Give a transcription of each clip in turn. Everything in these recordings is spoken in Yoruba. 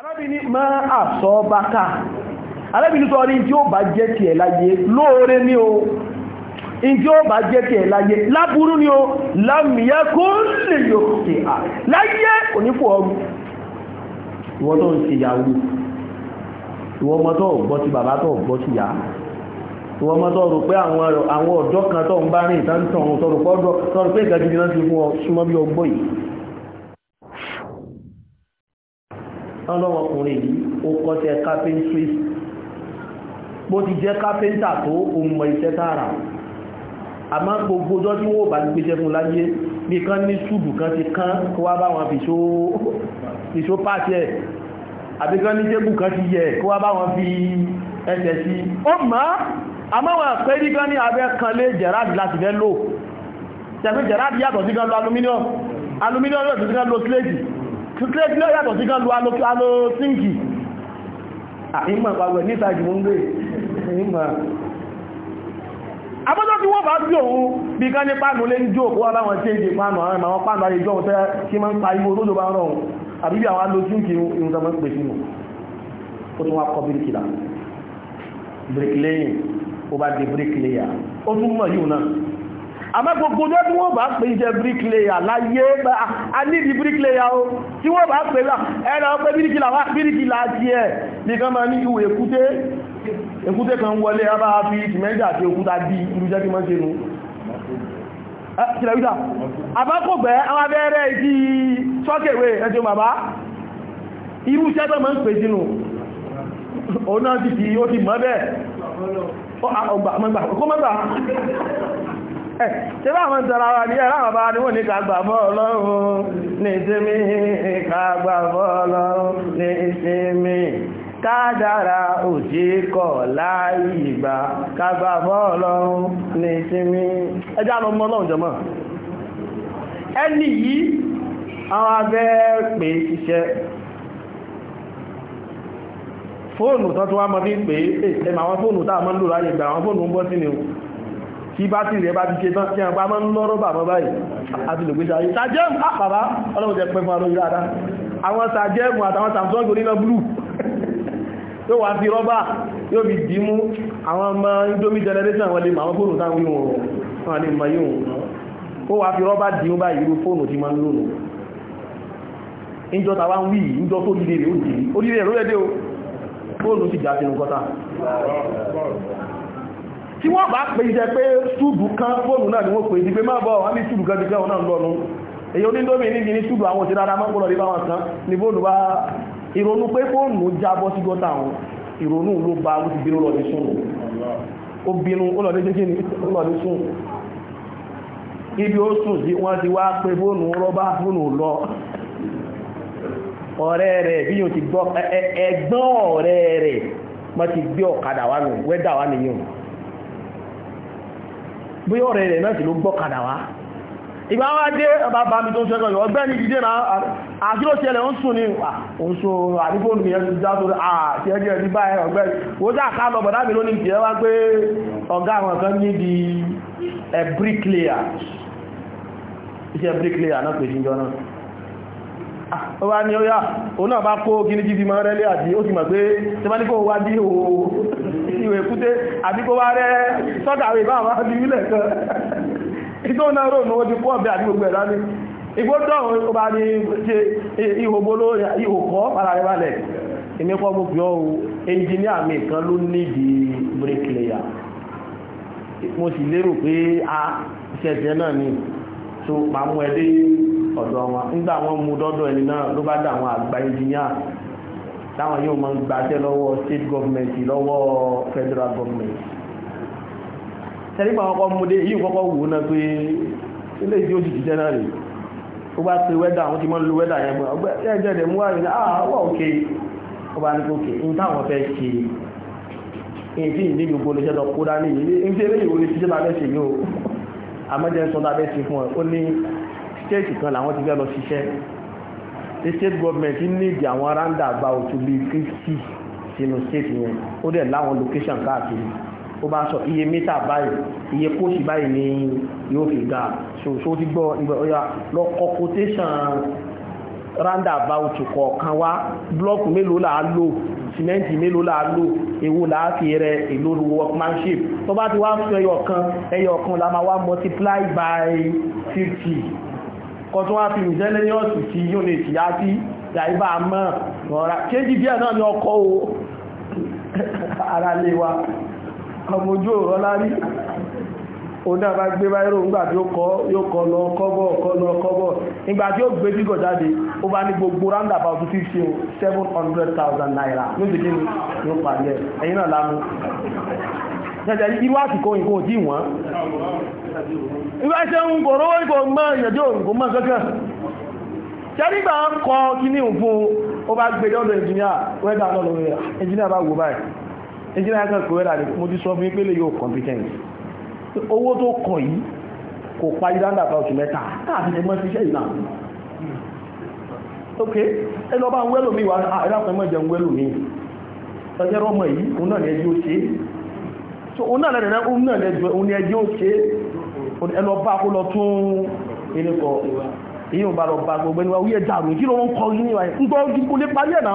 arábìnrin ma àṣọ bákà arábìnrin tó rí tí ó bá jẹ́ ti ẹ̀ láyé lóore ní o ìjí ó bá jẹ́ ti ẹ̀ láyé láburú ní o lámìyá kó lè yóò ti à láyé onífò ọrù ìwọ́n tó ń ṣe yàwó ìwọ́n ọmọ tó gbọ́ ti bàbá tó gbọ́ ti yà ìwọ́n ọmọ tó rò pé àwọn ọ̀dọ́ kan tó ń bá rìn ìtàn tó rò pé ìgbàjúdí náà ti fún ọ súnmọ́ bí ọgbọ́ yìí ọlọ́wọ́kùnrin yìí ó kọ́ṣẹ́ carpentry bó ti jẹ́ carpenter tó ọmọ iṣẹ́ tààrà àmá gbogbo ọjọ́ tí wọ́n bá ti gbéṣẹ́ fún láyé bí kan ní ṣùgbù kan ti kán kó wá bá wọn fìṣó pàtí ẹ̀ àbí kan ní tébù kan ti yẹ kó wá bá wọn fi ẹsẹ̀ sí ó mọ́ àmọ́wà pé ní kan ní abẹ́ kan lé Gerard láti fẹ́ lò tẹ̀sí Gerard yàtọ̀ sí kan lo aluminium aluminium yóò tún sí kan lo slate kírẹ́tì náà yàtọ̀ sí kan lu alo síǹkì ìmọ̀ pàwẹ̀ níta ìjìmọ̀ ń gbé ìmọ̀ abọ́jọ́ tí wọ́n bá sí òun bí ká ní pàánù lé ń jò kó aláwọn tí èdè pàánù àwọn ìmọ̀ pàánù ayé jọ tẹ́ kí máa ń pa iwo tó jọba rọrùn àbí bí àwọn alójúǹkì ìrùn tọmọ pè sínú ó tún wá kọ bíríkìlà bíríkìlẹ́yìn ó bá di bíríkìlẹ́yà ó tún mọ̀ yìí náà àmọ́ gbogbo ọjọ́ tí wọ́n bá pè iṣẹ́ bíríkìlẹ̀yà láyé ah, a nídi bíríkìlẹ̀yà o tí wọ́n bá pè ẹ̀rọ pé bíríkìlà wá bíríkìlà ti ẹ̀ nìkan ma ní ìwò èkúté èkúté kan wọlé a bá fi ìtìmẹ́jà àti òkúta di irú jẹ́ kí mọ́ ṣe nù àbákògbẹ́ àwọn abẹ́rẹ́ ìdí sọ́kèwé ẹjọ́ bàbá irú iṣẹ́ tó máa ń ti ṣe bá àwọn tọ́ra wa ní ẹ̀rọ àwọn bá ní wọ́n ní kàgbà bọ́ ọlọ́run ní ìsinmi kàgbà bọ́ ọlọ́run ní ìsinmi kádàrà òjì kọ̀ láì kàgbà bọ́ fóònù tó tó wá mọ́ bí pé ẹ̀ àwọn fóònù tá mọ́ ń lò àwọn fóònù ń bọ́ sí tí bá ti rẹ̀ bá ti ṣe tán tí àwọn bá ń lọ rọ́bà mọ́ báyìí àti lògbésà yìí sàjẹ́mù àpàbá ah, ọlọ́run jẹ́ pẹ́ fún alóyún dáadáa àwọn sàjẹ́mù àtàwọn samsung oníná blue yóò wá fi rọ́bà yóò fi dì mú àwọn ọmọ indomie generation wọlé àwọn fóònù táwọn yóò wọn ní mọ yóò ó wá fi rọ́bà dì mú báyìí irú fóònù tí máa ń lónù ìjọ tàwa ń wí ìjọ tó lílé rẹ̀ ó dì o fóònù ti jà sínú tí wọ́n bá pè jẹ pé ṣúùbù kan fóònù náà ni wọ́n pè jí pé má bọ́ wọ́n ní ṣúùbù kan dìkan náà lọ́nu èyí onídómi níbi ní ṣúùbù àwọn òṣèré ara mọ́kànlọ́ ní báwọn kan ní fóònù bá ìrònú pé fóònù jábọ́ sí gọ́ta àwọn ìrònú ló bá ó ti bínú lọ ní sùn ó bínú ó lọ ní jẹ́jẹ́ ní ó ibi ó sùn sí wọ́n ti wá pé fóònù rọ́bà fóònù ti gbọ́ ẹ̀gbọ́n ọ̀rẹ́ rẹ̀ wọ́n ti gbé ọ̀kadà wá nù wẹ́dà wá nìyẹn bóyá ọ̀rẹ́ rẹ̀ náà sì ló gbọ́kadà wá ìgbà wá dé bàbá mi tó ń ṣẹ́kọ̀ọ́ ọgbẹ́ ní ìdíje náà àkílò tí ẹlẹ̀ ń sùn ní oṣù àdúgbò ní ẹ̀sùn játó àti ẹgbẹ́ ẹ̀dí báyẹ̀ ọgbẹ́ ó dá àká lọ bọ̀dá mi lónìí jẹ́ wá pé ọ̀gá àwọn kan ní di eh, bricklayer iṣẹ́ bricklayer náà pèsè ìjọ ó bá ní óyá òun náà bá kó kíní jí fi máa rẹ́lé àti ó sì mọ̀ pé tí bá ní kó wá bí ìwé kúté àbí kó wá rẹ́ sọ́kàwé bá wá bí ilẹ̀ kan ìtò náà rò ní ti kó àti gbogbo ẹ̀dá ní igbó para rẹ̀ balẹ̀ èmi kọ́ mo gbọ́ mo sì lérò pé a ah, ṣẹ̀ṣẹ̀ náà ni so ma mú ẹ dé ọ̀dọ̀ wọn nígbà wọn mú dọ́dọ̀ ẹni náà ló bá dà àwọn àgbà ẹnjìníà táwọn yóò máa ń lọ́wọ́ state government lọ́wọ́ federal government tẹ́lifà kọ́kọ́ mú dé yìí kọ́kọ́ wò náà pé ilé ìdí òjì jíjẹ́ ó bá pe lu yẹn mú òkè ah, ó bá ní ní táwọn ṣe èyí tí ìdí gbogbo lọ kó dání yìí ní àmọ́jẹ́ sọ́dá bẹ́ ti fún ẹ̀ ó ní stéètì kan làwọn ti fẹ́ the state government nídìí àwọn aráńdà àgbà òtún bíi fifty sínú stéètì yẹn ó dẹ̀ láwọn location káàkiri ó bá sọ iye mítà báyìí iye kóòsì báyìí ni yóò fi ga ṣòṣò ti gbọ́ ibẹ̀ ọ̀yà lọ kọ quotation roundabout kọ̀ọ̀kan wá blọ́ọ̀kù mélòó là á lò sìmẹ́ǹtì mélòó la lò èwo la fi rẹ èlò workmanship tó bá ti wá fún ẹyọ kan ẹyọ kan la máa wá multiply by 50 kan tó wá fi miscellaneous ti unit yá sí dàíbà mọ́ ọ̀rá kéjì díẹ̀ náà ni ọkọ̀ o ara lè wa ọmọ ojú ọ̀rọ̀ lárí òun náà bá gbé báyìí ròun gbà tí ó kọ́ yóò kọ́ lọ kọ́bọ̀ kọ́ lọ kọ́bọ̀ tí gbogbo round about fifty o seven hundred thousand naira ló ti kíni ló parí ẹ ẹ̀yin náà lanu jẹjẹ irú àsìkò nǹkan òjì wọn ìgbà ṣe ń kò rówó ìkò mọ ìyẹjọ òǹkò mọ kankan ṣe ń kọ kíní òfin ó owó tó kọ̀ yìí kò pa ìdáńdà bá oṣù mẹ́ta káàkiri mọ́ sí iṣẹ́ ìlà ok ẹlọ́bá ń wẹ́lò mi wà ẹ̀lápẹ̀mọ́ jẹun wẹ́lò mi ẹjẹ́rọ ọmọ yìí òun náà ni ẹjí ó ṣe so òun náà lẹ́rẹ̀ òun náà lẹ́jọ òun ni ẹjí ó ṣe ẹlọ́bá kó lọ tún ilẹ̀kọ̀ èyí ò bá lọ bá gbogbo ẹni wa wíyẹ dàrú kí ló ń kọ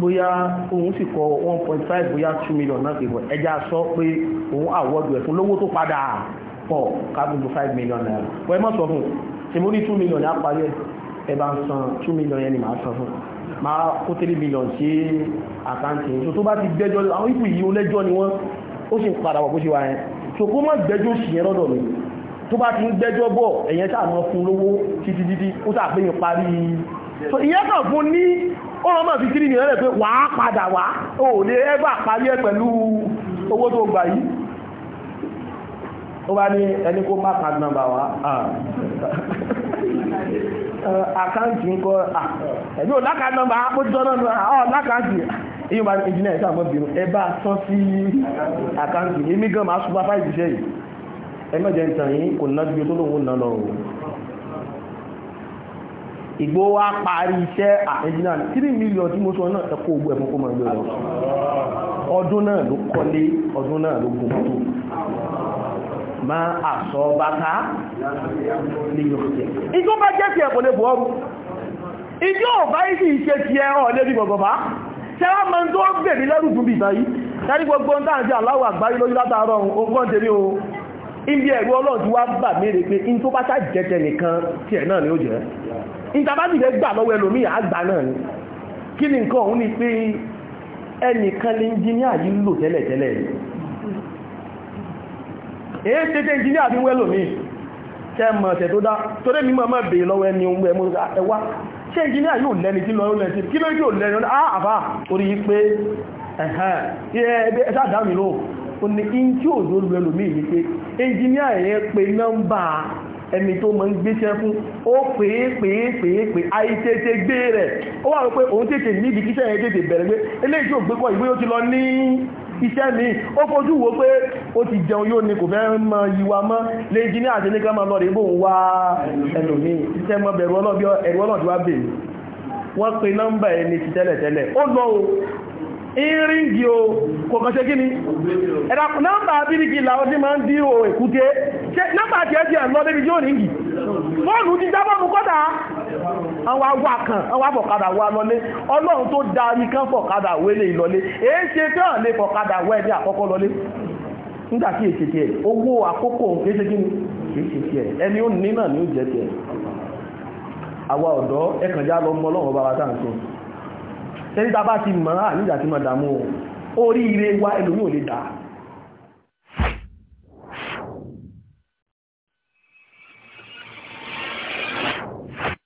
bóyá òun sì kọ one point five bóyá two million náà kéwọ̀ ẹja sọ pé òun àwọ́dù ẹ̀ fún lówó tó padà pọ̀ kábùdù five million naira wọ́n ẹ mọ̀ sọ fún ṣe mo ní two million á parí ẹ̀ ẹ bá ń san two million yẹn ni màá san fún máa kó three million sí àkáǹtì yìí tó bá ti gbẹ́jọ́ àwọn ipò yìí ó lẹ́jọ́ ni wọ́n ó sì ń padà wọ̀ bó ṣe wà yẹn so kó má gbẹ́jọ́ sì yẹn lọ́dọ̀ mi tó bá ti ń gbẹ́jọ́ bọ̀ ẹ̀yẹn sáà mọ́ fún lówó títí títí ó sáà parí ìyẹn kàn fún ní ó rọ́mọ̀ fi kiri nìyàn rẹ̀ pé wà á padà wá ó lè ẹ́bà parí ẹ pẹ̀lú owó tó gbà yìí ó bá ní ẹni kó má pàdé nàmbà wá àkáǹtì ń kọ́ ẹ̀mí ò lákàá nọmbà ó jọ́nà ọ̀ lákàáǹtì èyí bá ìjìnlẹ̀ ìta àmọ́ bìnú ẹ bá sọ sí àkáǹtì èmi gan máa supervise iṣẹ́ yìí ẹgbẹ́jẹ̀ ń tàn yín kò ná ju tó ìgbó wá parí iṣẹ́ àẹ́jìnà 3 million tí mo sọ náà ẹkọ́ ogun ẹ̀fún kó mọ̀ ẹgbẹ́ lọ ọdún náà ló kọ́lé ọdún náà ló gùn tó ma àṣọ bàtà lè yọ jẹ́ ìjọ bá jẹ́ ti ẹ̀kọ́ lè bọ̀ ọrù ìjọ ò bá ìsì ìṣe ti ẹ ọ̀ lè bí gbọ̀gbọ̀bá tẹ́wàá mọ́ tó gbèmí lẹ́rù fún bìtà yìí tẹ́rí gbogbo ń dáhùn sí aláwọ̀ àgbáyé lójú ibi ẹ̀rù ọlọ́run ti wá bà pé in tó bá sá nìkan tí ẹ̀ náà ni ó jẹ́ gbà lọ́wọ́ àgbà náà ni kí ni nǹkan òun ni pé ẹnìkan lè engineer yìí lò tẹ́lẹ̀tẹ́lẹ̀ èyí tẹ́tẹ́ engineer tó dá tó mímọ̀ lọ́wọ́ ẹni ṣe engineer yóò lẹ́ni tí kí ló yóò lẹ́ni àfà orí pé ẹ̀hẹ́ ní kí n tí òjò lu ẹlòmíì ní pé ẹnjìníà yẹn pe nọ́mbà ẹni tó mọ̀ ń gbéṣẹ́ fún ó pè é pè é pè é pè àìtètè gbé rẹ̀ ó wà rọ pé òun tètè níbi kíṣẹ́ yẹn tètè bẹ̀rẹ̀ pé eléyìí tí ò gbé kọ́ ìwé ó ti lọ ní iṣẹ́ mi ó fojú wo pé ó ti jẹun yóò ní kò fẹ́ mọ yíwa mọ́ lè jí ní àti ní ká máa lọ rèébò ń wá ẹlòmí iṣẹ́ mọ́ bẹ̀rù ọlọ́bí ẹ̀rù ọlọ́dún wá bèèrè ìrìngì o kò kàn ṣe gíní ẹ̀dà nọ́mbà bíríkì làwọn tí o èkúté nọ́mbà tí ẹ ti ẹ̀ lọ débi tí ó ríngì fóònù ti jábọ́ mú kọ́dà àwọn awà kan àwọn afọ̀kadà wà lọlé ọlọ́run tó darí kán fọ̀kadà èé ṣe lè fọ̀kadà wẹ́ ní àkọ́kọ́ lọlé nígbà tí tiẹ̀ owó àkókò ṣe tiẹ̀ ẹni ó ní tẹ́lítà bá ti mọ̀ á nígbà tí mọ̀ dàmú oríire wa ẹlòmí ò lè dáa